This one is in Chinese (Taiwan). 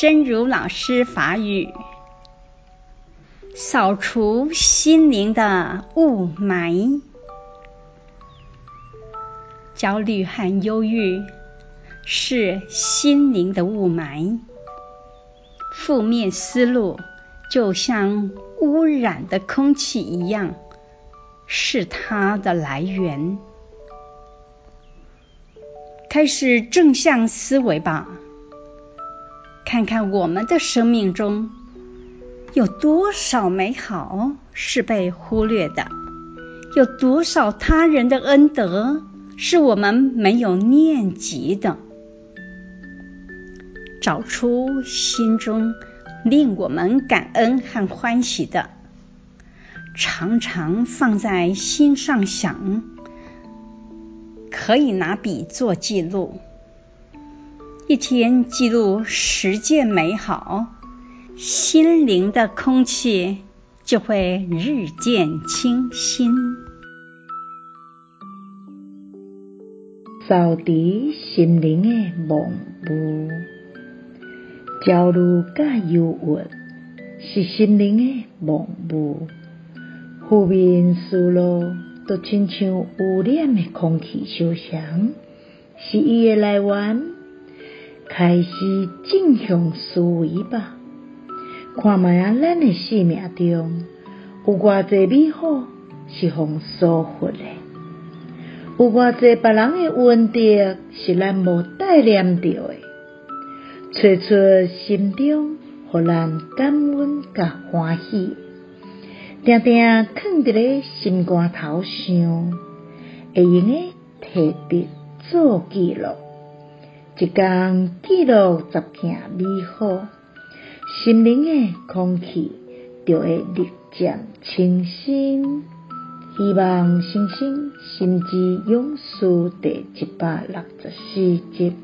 真如老師法語，掃除心靈的霧霾。焦慮和憂鬱是心靈的霧霾。負面思路就像污染的空氣一樣，是它的來源。開始正向思維吧。看看我們的生命中，有多少美好是被忽略的？有多少他人的恩德是我們沒有念及的？找出心中令我們感恩和歡喜的，常常放在心上想，可以拿筆做記錄。一天記錄十件美好，心靈的空氣就會日漸清新，掃除心靈的霧霾。焦慮甲憂鬱是心靈的霧霾，負面思路都親像污染的空氣，就像是伊的來源。開始正向思維吧，看覓啊！咱的生命中有偌濟美好是互疏忽的，有偌濟別人誒恩德是咱無待念着誒，揣揣心中，互咱感恩甲歡喜，定定藏佇咧心肝頭上，會用誒特別做記錄。一工記錄十件美好，心靈的空氣就會日漸清新。希望新生，心之勇士，第一百六十四集。